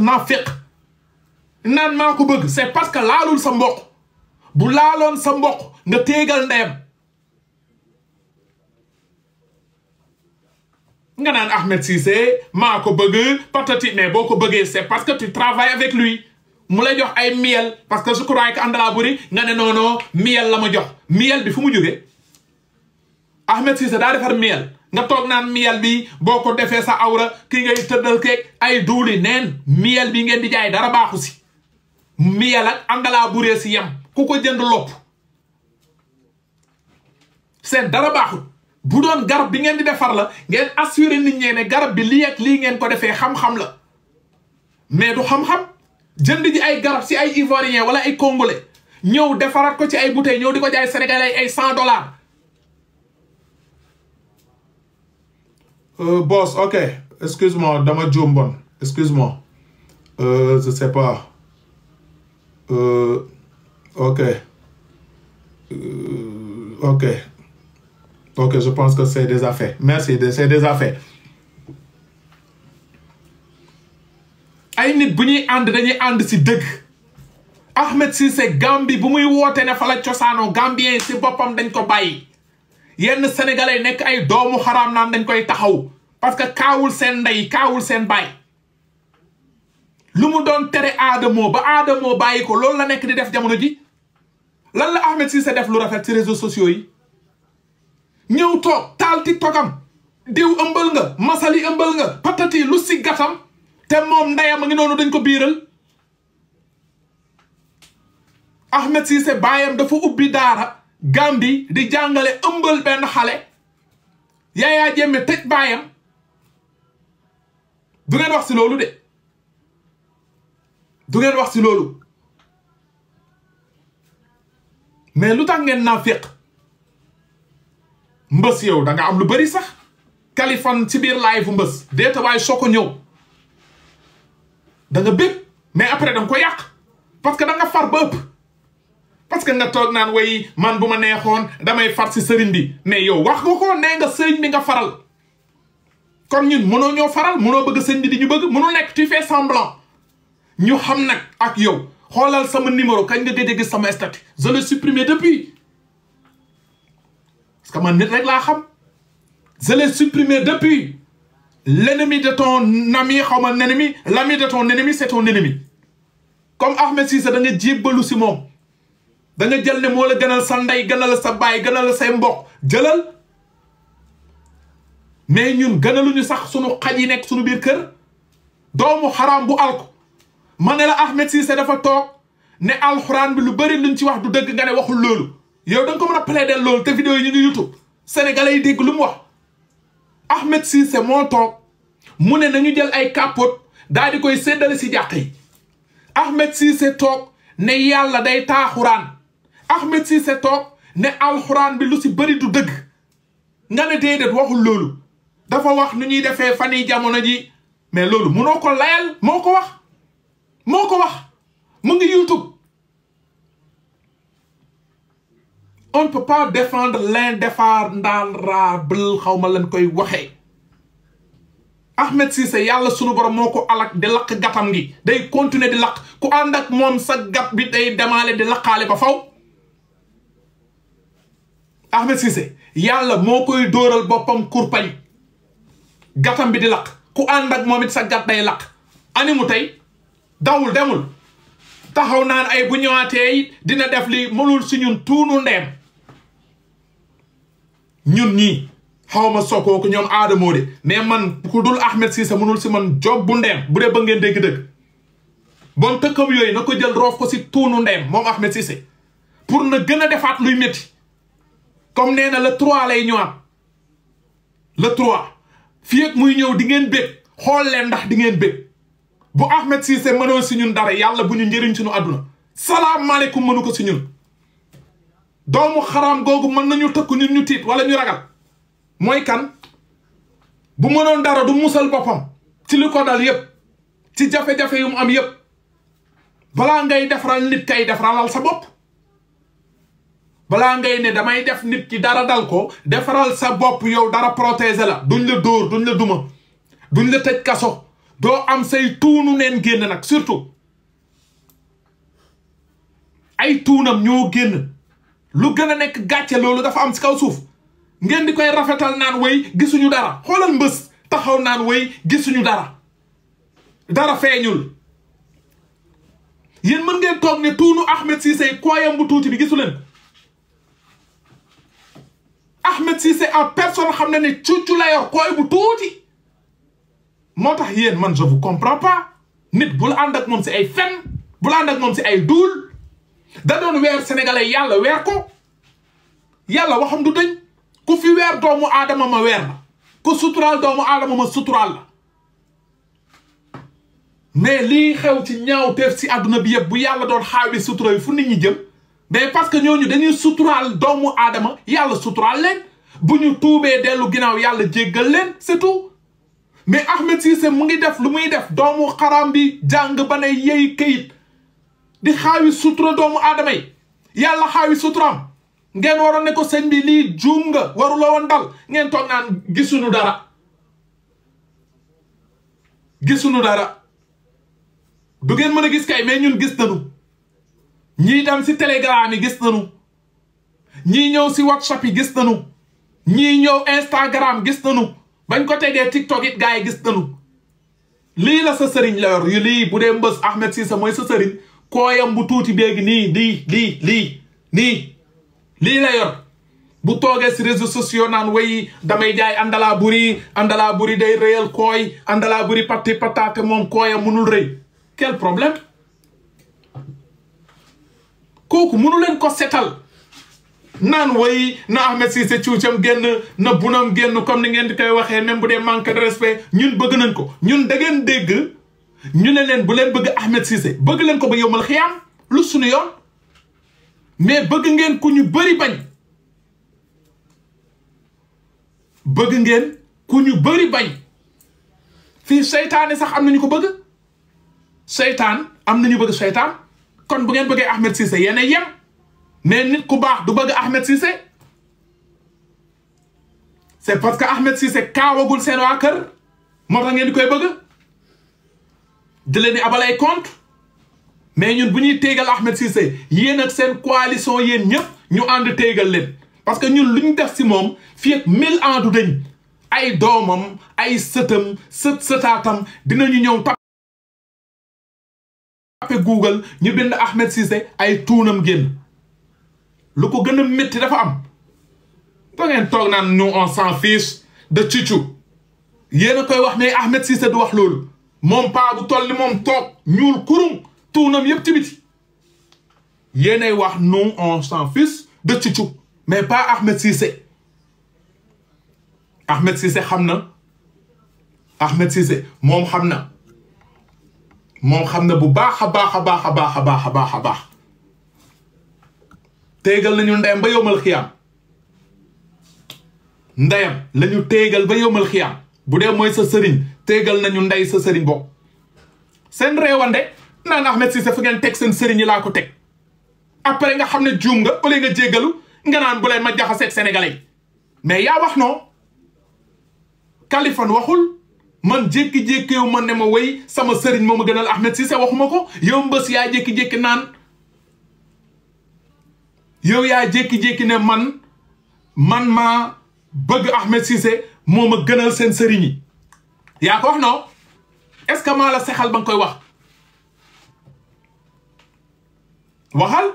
naafiq naan mako beug c'est parce que laloul sa mbokk bu laaloon sa mbokk nga téegal ndem nga naan Ahmed Cissé mako beug bëgg patati mais boko ko c'est parce que tu travailles avec lui mu lay jox ay miel parce que je crois que Andalaburi nga ne non non miel la jox miel bi fumu mu Ahmed Cissé da defar miel nga toog naan miel bi boo ko defee sa awra ki ngay tëddal keeg ay duuli neen miel bi ngeen di jaay dara baaxu si miel ak angalaa buree si yem ku ko jënd lopp seen dara baaxu bu doon garab bi ngeen di defar la ngeen assuré nit ñee ne garab bi lii lii ngeen ko defee xam-xam la mais du xam-xam jënd ji ay garab si ay ivoirien wala ay congolais ñëw defaraat ko ci ay bouteilles ñëw di ko jaay sénégalais ay cent dollars Euh, boss ok excuse-moi dama juum bon excuse-moi euh, je sais pas euh, ok ok ok je pense que c'est déjà fait merci c'est déjà fait ay nit bu ñuy ànd dañuy ànd si dëgg Ahmed Cissé Gambie bu muy woote ne fa la cosaanoo Gambien si boppam dañ ko bàyyi yenn sénégalais nek ay doomu haram nan dañ koy taxaw parce que kawul sen nday kawul sen bay lumu don tere adamo ba adamo bayiko ko la nek di def jamono ji lan la Ahmed Cissé def lu rafet ci réseaux sociaux yi ñëw toog taal tiktokam diw ëmbal nga masali ëmbal nga patati lu ci gatam te mom ndeyam a ngi nonu dañ ko biral Ahmed Cissé bayam dafa ubbi dara Gambie di jàngale ëmbal benn xale Yaya Jammeh tëj baayam du ngeen wax si loolu de du ngeen wax si loolu mais lu tax ngeen naafiq mbës yow da nga am lu bëri sax Kaliphone si biir live bu mbës déeta soo ko ñëw danga nga bépp mais après da ko yàq parce que da far ba ëpp parce que nga tok nan way man buma ma damay far serigne bi mais yow wax nga ko nee nga serigne bi nga faral Comme ñun mënoo ñoo faral mënoo bëgg serigne bi di ñu bëgg mënul nek tu fais semblant ñu xam nak ak yow xolal sama numéro kañ nga gëj sama statut je l'ai supprimé depuis parce que man nit rek la xam je l'ai supprimé depuis l'ennemi de ton ami xawma l'ennemi, l'ami de ton ennemi c'est ton ennemi comme Ahmed Cissé da nga jébbalu ci moom da nga jël ne moo la gënal sa ndey gënal sa baay gënal say mboq jëlal mais ñun gënaluñu sax sunu xaj yi nekk sunu biir kër doomu xaraam bu alku ma ne la Ahmed Cissé dafa toog ne alxuraan bi lu bëri luñ ci wax du dëgg nga ne waxul loolu yow da ko mën a plaider loolu te vidéo yi ñu ngi YouTube sénégalais yi dégg lu mu wax Ahmed Cissé moo toog mu ne nañu jël ay capote daal di koy séddale si jàq yi Ahmed toog ne yàlla day taaxuraan Ahmed Cissé toog ne alxuraan bi lu si bëri du dëgg nga ne déedéet waxul loolu dafa wax nu ñuy defee fan yi jamono ji mais loolu munoo ko layal moo ko wax moo ko wax mu ngi YouTube on ne peut pas défendre l'indéfendable xaw ma leen koy waxee Ahmed Cissé yàlla sunu borom moo ko alak de lakk gatam gi day continuer di lakk ku ànd ak moom sa gat bi day demaale di lakkaale ba faw Ahmed Cissé yàlla moo koy dóoral boppam kurpañ gàttam bi di lakk ku ànd ak moom it sa gàtt day lakk animu tey dawul demul taxaw naan ay bu ñëwaatee dina def li mënul si ñun tuunu ndeem ñun ñii xawma ko ñoom aadamoo de mais man ku dul Ahmed Cissé mënul si man job bu ndeem bu dee ba ngeen dégg dëgg bon tëkkam yooyu na ko jël roof ko si tuunu ndeem moom Ahmed Cissé pour na gën a defaat luy métti comme nee na la 3 lay ñëwaat le 3 fii ak muy ñëw di ngeen bég xool leen ndax di ngeen bég bu Ahmed Cissé mënoon si ñun dara yàlla bu ñu njëriñ suñu àdduna salaamaaleykum mënu ko si ñun doomu xaraam googu mën nañu tëkku ñun ñu tiit wala ñu ragal mooy kan bu mënoon dara du musal boppam si li ko dal yépp ci jafe-jafe mu am yépp balaa ngay defaral nit kay defaralal sa bopp balaa ngay ne damay def nit ki dara dal ko defaral sa bopp yow dara protéger la duñ la dóor duñ la duma duñ la tëj kaso doo am say tuunu neen génn nag surtout ay tuunam ñoo génn lu gën a nekk gàcce loolu dafa am si kaw suuf ngeen di koy rafetal naan way gisuñu dara xoolal mbës taxaw naan way gisuñu dara dara feeñul yéen mën ngeen toog ne tuunu Ahmed Cissé koyam bu tuuti bi gisu leen Ahmed Cissé en personne xam na ne cuccu la yor kooy bu tuuti moo tax yéen man je vous comprends pas nit bul ànd ak moom si ay fen bu ànd ak moom si ay duul da doon weer sénégalais yàlla weer ko yàlla waxam du dañ ku fi weer doomu aadama ma weer la ku suturaal doomu aadama ma suturaal la mais lii xew ci ñaaw teef si àdduna bi yëpp bu yàlla doon xaawi sutura yi fu nit ñi jëm mais parce que ñooñu dañuy suturaal doomu aadama yàlla suturaal leen bu ñu tuubee dellu ginnaaw yàlla jéggal leen c'est tout mais Ahmed Cissé mu ngi def lu muy def doomu xaram bi jàng ba ne yey kayit di xaawi sutura doomu aadama yi yàlla xaawi suturaam ngeen waroon ne ko seen bi lii juum nga waruloo woon dal ngeen toog naan gisuñu dara gisuñu dara bu ngeen mën a gis kay mais ñun gis nañu ñii dem si telegram yi gis nañu ñii ñëw si whatsapp yi gis nañu ñii ñëw instagram gis nañu bañ ko tegee tiktok it gars yi gis nañu lii la sa sëriñ la yor yu lii bu dee mbës Ahmed Cissé mooy sa sëriñ kooyam bu tuuti béegi nii lii lii lii nii lii la yor bu toogee si réseaux sociaux naan wayi damay jaay andalaa buri andalaa buri day réyal kooy andalaa buri patti pataate moom kooyam mënul rëy quel problème kooku mënu leen ko setal naan way na Ahmed Cissé cuucam génn na bunam génn comme ni ngeen di koy waxee même bu dee manque de respect ñun bëgg nañ ko ñun da ngeen dégg ñu ne leen bu leen bëgg Ahmed Cissé bëgg leen ko ba yombal xiyaam lu suñu yoon mais bëgg ngeen ku ñu bari bañ bëgg ngeen ku ñu bëri bañ fi seytaane sax am nañu ko bëgg seytaan am nañu bëgg seytaan kon bu ngeen bëggee Ahmed Cissé yéen a yem mais nit ku baax du bëgg Ahmed Cissé c'est parce que Ahmed Cissé kaawagul seen waa kër moo tax ngeen di koy bëgg di leen abal ay compte mais ñun bu ñuy téegal Ahmed Cissé yéen ak seen coalition yéen ñëpp ñu ànd téegal leen parce que ñun lu ñu def si moom fii mille ans du dañ ay doomam ay sëtam sët sëtaatam dinañu ñëw appe google ñu bind Ahmed Cissé ay tuunam génn lu ko gën a métti dafa am da ngeen toog naan ñu en s'en fiche de Tchitchou yéen koy wax mais Ahmed Cissé du wax loolu moom paa bu toll ni moom toog ñuul kurum tuunam yëpp ci biti yéenay wax nous on s'en fiche de Tchitchou mais pas Ahmed Cissé Ahmed Cissé xam na Ahmed Cissé moom xam na moom xam na bu baax a baax a baax a baax a baax a baax a baax téegal nañu ndeyam ba yowmal xiyaam ndeyam lañu téegal ba yowmal xiyaam bu dee mooy sa sëriñ téegal nañu ndey sa sëriñ bokk seen réewande naan Ahmed Cissé fu ngeen teg seen sëriñ yi laa ko teg après nga xam ne juum nga au lieu nga jéggalu nga naan bu leen ma jaxaseeg sénégalais mais yaa wax noo Kaliphone waxul man jékki-jékki ma ne ma way sama sëriñ moo ma gënal Ahmed Cissé waxuma ko yow mbës yaa jékki-jékki naan yow yaa jékki-jékki ne man man maa bëgg Ahmed Cissé moo ma gënal seen sëriñ yi yaa ko wax non est-ce que maa la sexal ba koy wax waxal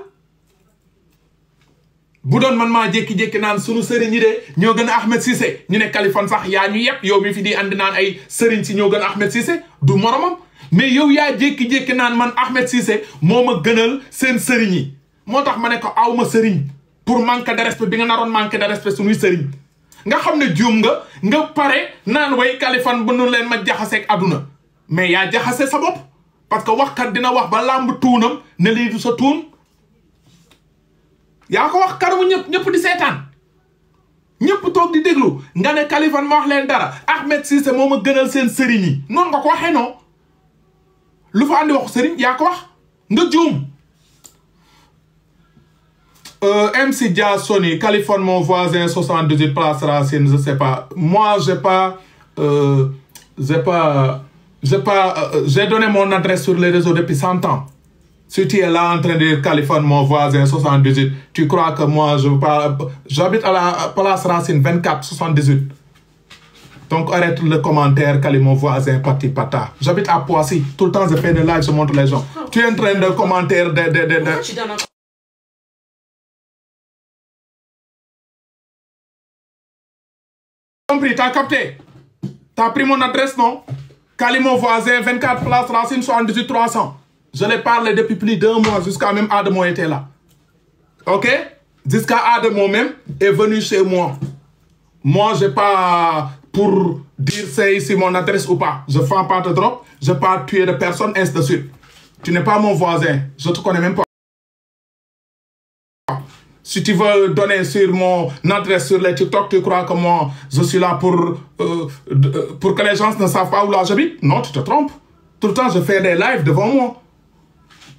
bu doon man maa jékki-jékki naan sunu sëriñ yi de ñoo gën a Ahmed Cissé ñu ne Kaliphone sax yaa ñu yëpp yow mi fi di andi naan ay sëriñ si ñoo gën a Ahmed Cissé du moromam mais yow yaa jékki-jékki naan man Ahmed Cissé moo ma gënal seen sëriñ yi moo tax ma ne ko aw ma sëriñ pour manque de respect bi nga naroon manque de respect sunuy sëriñ nga xam ne juum nga nga pare naan way Kaliphone bu nu leen ma jaxaseeg aduna mais yaa jaxase sa bopp parce que waxkat dina wax ba làmb tuunam ne lii sa tuun Il wax kanamu ñëpp ñëpp di seetaan ñëpp toog di que nga ne Kaliphone wax dara Ahmed Cissé gënal nga ko non lu fa andi MC euh, Dia Sony mon voisin 78 place Racine je sais pas moi j'ai pas euh, j'ai pas j'ai pas euh, j'ai donné mon adresse sur les réseaux depuis 100 ans. Si tu es là en train de dire mon voisin, 78, tu crois que moi, je parle. J'habite à la place Racine 24, 78. Donc arrête le commentaire, Calimon mon voisin, pati pata. J'habite à Poissy. Tout le temps, je fais des lives, je montre les gens. Tu es en train de commenter. De, de, de, Tu as compris, t'as capté. pris mon adresse, non Cali, mon voisin, 24 place Racine 78 300. Je l'ai parlé depuis plus d'un mois, jusqu'à même moi était là. Ok Jusqu'à moi même est venu chez moi. Moi, je n'ai pas pour dire c'est ici mon adresse ou pas. Je ne fais pas de drop, je ne pas tuer de personne, ainsi de suite. Tu n'es pas mon voisin, je ne te connais même pas. Si tu veux donner sur mon adresse sur les TikTok, tu crois que moi, je suis là pour, euh, euh, pour que les gens ne savent pas où là j'habite Non, tu te trompes. Tout le temps, je fais des lives devant moi.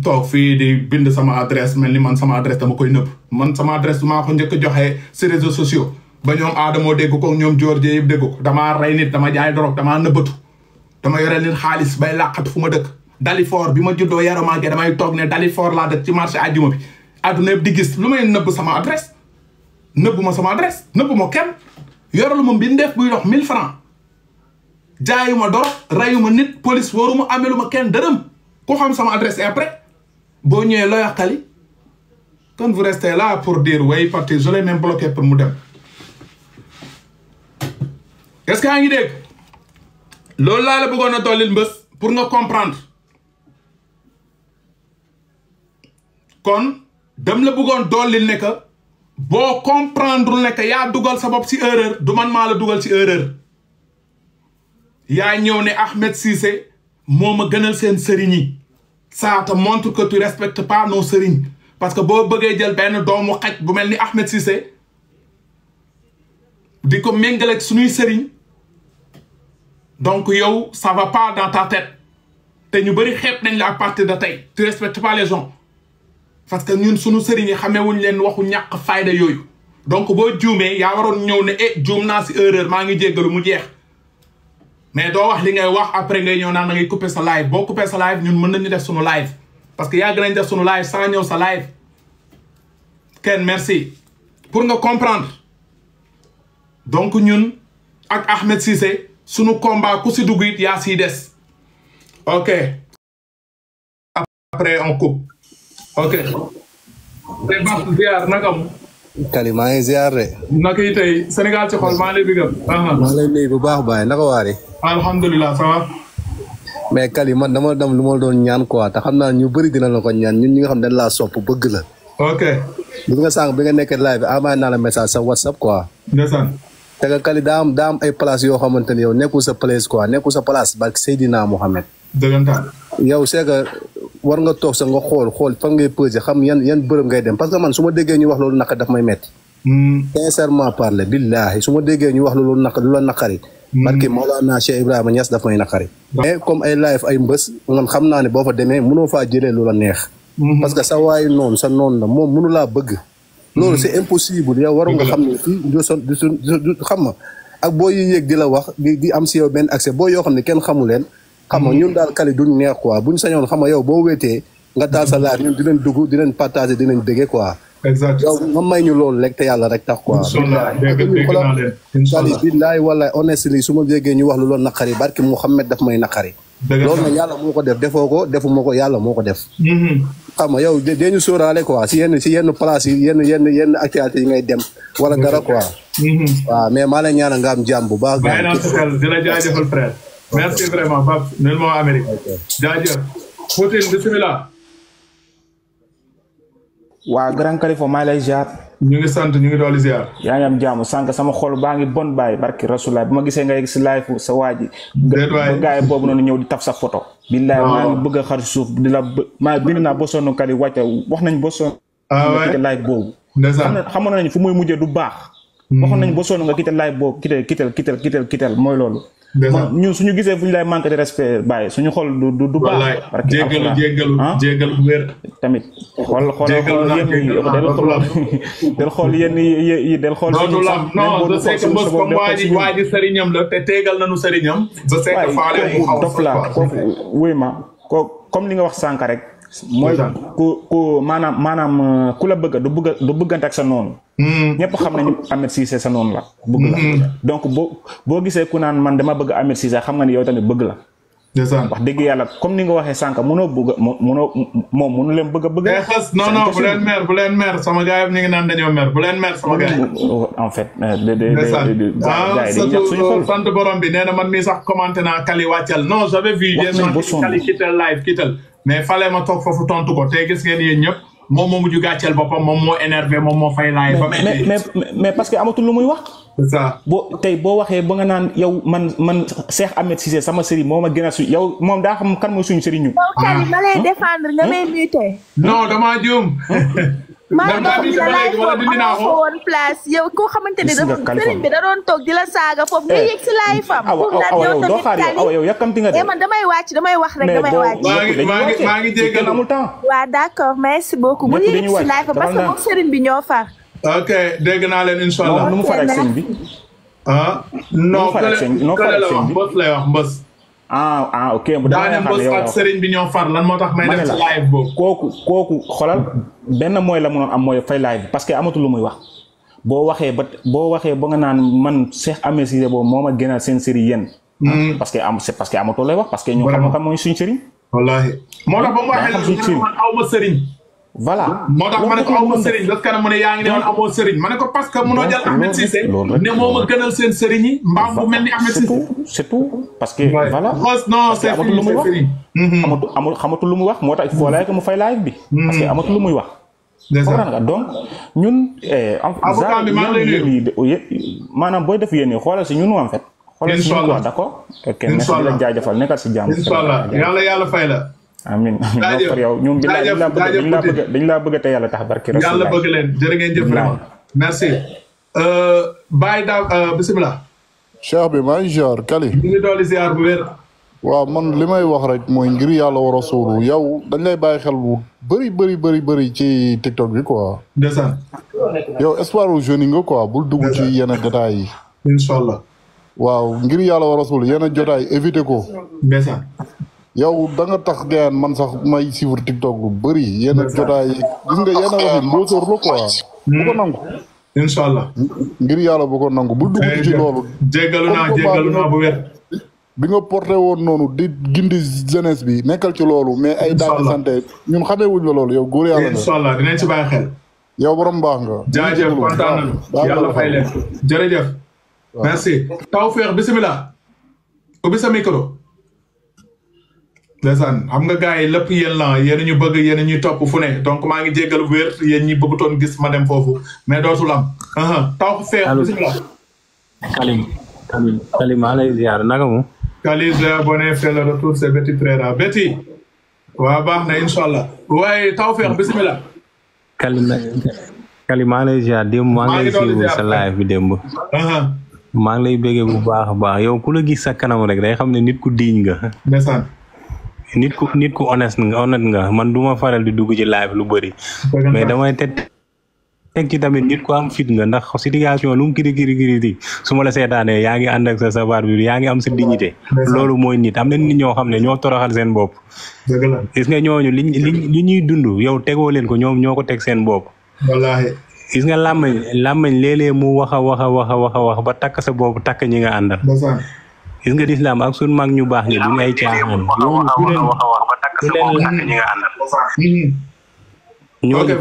toog fii di bind sama adresse mel ni man sama adresse dama koy nëbb man sama adresse maa ko njëkk joxee si réseaux sociaux ba ñoom aadamoo dégg ko ñoom joor yëpp dégg ko dama rey nit dama jaay drogue damaa nëbbatu dama yore nit xaalis bay làqatu fu ma dëkk Dalifort bi ma juddoo Yaro maa damay toog ne Dalifort laa dëkk ci marché àjjuma bi àdduna yëpp di gis lu may nëbb sama adresse nëbbu ma sama adresse nëbbu ma kenn yoralu ma mbindeef buy dox 1000 francs jaayuma doro reyuma nit police waruma ameluma kenn dërëm ku xam sama adresse après boo ñëwee looy wax tali kon là pour dire way parti je l'ai même pour mu dem est-ce que ngi dégg loolu laa la bëggoon a dollil mbës pour nga comprendre kon dem la bëggoon dollil ne que boo comprendre ne que yaa dugal sa bopp si erreur du man maa la dugal ci erreur yaa ñëw ne Ahmed Cissé moo ma gënal seen sëriñ ça te montre que tu respectes pas nos sëriñ parce que boo bëggee jël benn doomu xaj bu mel ni Ahmed Cissé di ko méngaleeg suñuy sëriñ donc yow ça va pas dans ta tête te ñu bëri xeeb nañ la à partir de tey tu respectes pas les parce que ñun suñu sëriñ yi xamewuñ leen waxu ñàkk fayda yooyu donc boo juumee yaa waroon ñëw ne eh juum naa si erreur maa ngi jéggalu mu jeex mais doo wax li ngay wax après ngay ñëw naan da ngay couper sa live boo couper sa live ñun mën nañu def sunu live parce que yàgg nañ def sunu live sans ñëw sa live kenn merci pour nga comprendre donc ñun ak Ahmed Cissé sunu combat ku si dugg it yaa siy des ok après on coupe ok. Kali maa ngi ziar de. naka yi tey Sénégal ci xol maa ngi lay bëggal. maa lay nuyu baax a baax naka waare. alhamdulilah ça va. mais Kali ma dama dem lu ma doon ñaan quoi te xam ñu bëri dina la ko ñaan ñun ñi nga xam dañ laa sopp bëgg la. ok. bi nga sànq bi nga nekk live envoyé naa la message sa whatsapp quoi. ndeysaan. te nga Kali daa am daa am ay place yoo xamante ne yow nekkul sa place quoi nekkul sa place barke Seydina Mohamed. dëggantaan. yow c'est war nga tok sa nga xol xol fa ngay peser xam yan yan beureum ngay dem parce que man suma hmm. ma ñu wax lolu nak daf may metti sincèrement parler billahi suma ma ñu wax lolu nak lolu nakari naqari hmm. barke maulana cheikh ibrahima ñas daf may nakari eh, mais comme ay life ay mbeus man xam na ni bo fa demee mëno fa jëlé lolu neex hmm. parce que sa way non sa non la mom mënu la bëgg lolu c'est impossible ya war nga xam ni fii du son du xam ak boy yi yéeg di la wax di am ci yow ben accès boy yo xam ne kenn xam nga ñun daal kali duñ neex quoi buñ sañoon xam nga yow boo wéetee nga taal sa laaj ñun di leen dugg di leen partager di leen déggee quoi. exactement yow nga may ñu loolu rek te yàlla rek tax quoi. incha allah dégg dégg naa leen incha allah billaay wallaay honestly su ma déggee ñu wax lu loolu naqari barki Mouhamed daf may naqari. dëgg loolu nag yàlla moo ko def defoo ko defu ko yàlla moo ko def. Mm-hmm. xam nga yow de ñu sóoraale quoi si yenn si yenn place yi yenn yenn yenn actualité yi ngay dem. wala dara quoi. Mm-hmm. waaw mais maa lay ñaanal nga am jàmm bu baax. bàyyi naa sa Merci vraiment, Bab. Nen mo Amérique. Jaajëf. Poutine, bismillah. waa grand Khalifa maa ñu ngi sant ñu ngi dooli ziar. yaa ngi am sama xol baa ngi bon baay barki rasulaay bu gisee nga yegg live sa waa ji. déet waay gaa di taf sa photo. billaay maa ngi bëgg xar suuf di la bë maa bind naa kali wàcce wax nañ ba sonn. ah waay live boobu. ndeysaan xamoon nañ fu muy du baax. nañ nga live ñun suñu gisee fu ñu lay manque de respect bàyyi suñu xol du du du baax. jéggalu jéggalu ah? jéggalu tamit xool xool yenn yi del xool yenn yi del xool suñu sax non je sais que mos la te teegal nañu sëriñam je sais la kooku wuy ma ko comme li nga wax sànq rek mooy ku ku maanaam maanaam euh, ku la bëgg du bëgg du bëggante ak sa noonu. Hmm. ñëpp xam nañu Ahmed Cissé sa noonu la. bëgg la hmm. donc boo boo gisee ku naan man dama bëgg Ahmed Cissé xam nga ni yow tamit bëgg la. wax dëgg yàlla comme ni nga waxee sànq mënoo bëgg a mënoo moom mënu leen bëgg a bëgg a. Eh, xas non non bu leen mer bu leen sama gars yi ñu ngi naan dañoo mer bu leen mer sama gars yi. en fait. Euh, de de de de ah, gars yi dañuy yàq suñu xol sant borom bi nee na man mii sax commenté naa Kali wàccal non j'avais vu. mais fale ma toog foofu tontu ko te gis ngeen yéen moom moo mujj gàcceel boppam moom moo énervé moom moo fay laay. ba mais mais parce que amatul lu muy wax. boo tey boo waxee ba nga naan yow man man Cheikh Ahmed Cissé sama sëriñ moom ma gën a su yow moom daa xam kan mooy suñu sëriñ ñu. ah ma maa ngi doon dindi naa ko woon place yow koo xamante ne dafa sëriñ bi da toog di saaga foofu nga eh, yëg si laay fam. awa awa yow nga de. Eh, man damay wàcc damay wax rek damay wàcc. maa ngi maa ngi jéggalu amul temps. waaw d'accord merci beaucoup. bi ñoo far. ok dégg naa leen incha allah. nu mu far ak sëñ ah, bi. nu mu far ak bi ah ah ok. bu daaneel xale yow ak sëriñ bi ñoo far lan moo tax may def ci live boobu. kooku kooku xoolal benn mooy la mënoon am mooy fay live parce que amatul lu muy wax boo waxee ba boo waxee ba nga naan man Cheikh Ahmed Cissé boobu moo a gënal seen sëriñ yéen. Hmm. Ah, parce que am c'est parce que amatul lay wax parce que. ñu xam nga mooy suñu sëriñ. wallaahi moo tax ba mu waxee la ñu ne sëriñ. voilà moo tax ma ko amoo sëriñ parce yaa ngi ne woon amoo ko parce que munoo jël Ahmed Cissé ne seen sëriñ yi mbaam bu mel ni Ahmed Cissé c'est tout parce que voilà non c'est amatul lu muy wax amatu amul xamatul lu muy wax moo tax il faut mm-hmm. laaj ko mu fay live bi mm-hmm. parce que amatul lu muy wax comprendre nga donc ñun eh, avocat bi maa booy def yéen xoolal si ñun en fait xoolal si ñun quoi d'accord ok merci di la jaajëfal nekkal si jàmm yàlla yàlla fay la amin amin yow ñoom dañ laa bëgg dañ yàlla tax barki rasul yàlla bëgg leen jërë ngeen jëf vraiment merci euh, bàyyi euh, man li may wax rek mooy ngir yàlla wa rasulu yow dañ lay bàyyi xel bu bëri bëri bëri bëri ci tiktok bi quoi ndeysaan yow espoir u jeune nga bul dugg ci yenn a yi incha allah waaw ngir yàlla wa rasulu a jotaay éviter ko yow da nga tax gayaan man sax may suivre TikTok lu bëri yenn jotaay yi gis nga yenn hmm. bu ko nangu ngir yàlla bu ko nangu bul dugg ci loolu bi nga porté woon noonu di gindi jeunesse bi nekkal ci loolu mais ay daal santé ñun xamee wuñ la loolu yow góor yàlla incha dinañ ci bàyyi xel yow borom baax nga jaajëf kontaan nañu yàlla fay leen ndeysaan am nga gars yi lépp yéen yéen ñu bëgg yéen ñuy topp fu ne donc maa ngi jégal wér yéen ñi bëggutoon gis ma dem foofu mais dootul am. taw fee bisimilah. Kalim Kalim Kalim maa taw fee bisimilah. Kalim Kalim maa lay ziar démb maa ngi lay suivre sa baax a baax yow ku la gis sa kanam rek day xam ne nit ku diiñ nga. ndeysaan. nit ku nit ku honnête nga honnête nga man du ma faral di dugg ci live lu bari mais damay teg teg ci tamit nit ku am fit nga ndax situation lu mu kiri kiri kiri su ma la seetaanee yaa ngi ànd ak sa sabar bi yaa ngi am sa dignité loolu mooy nit am na nit ñoo xam ne ñoo toroxal seen bopp gis nga ñooñu liñ liñ li ñuy dund yow tegoo leen ko ñoom ñoo ko teg seen bopp wallaahi gis nga làmmañ làmmañ léeg mu wax a waxa wax a wax ba takk sa bopp takk ñi nga àndal gis nga lislaam ak suñ mag ñu baax ñi duñ ay caaxaan ñooñu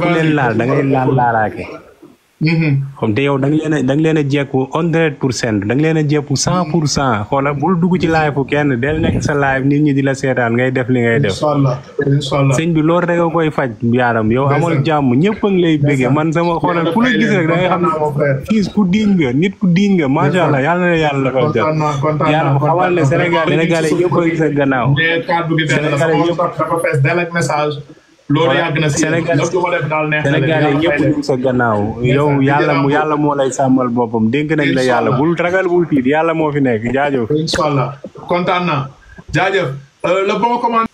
ku leen ku laal da ngay laalaake Mm-hmm. comme te yow da nga leen a da nga a jekku hundred pour cent da nga leen a jekku cent mm-hmm. pour cent xoolal bul dugg ci live bu kenn del nekk sa live nit ñi di la seetaan ngay def li ngay def sëñ bi loolu rek a koy faj yaaram yow amal jàmm ñëpp a ngi lay béggee man sama xoolal ku la gis rek da xam ne ku diiñ nit ku diiñ nga macha la ko jot yàlla xamal ne Sénégal Sénégalais ñëpp a sa gannaaw loolu yàgg na si Sénégalais ñëpp ñu sa gannaaw yow yàlla mu yàlla moo lay sàmmal boppam dénk nañ la yàlla bul ragal bul tiit yàlla moo fi nekk jaajëf. incha allah kontaan naa jaajëf euh,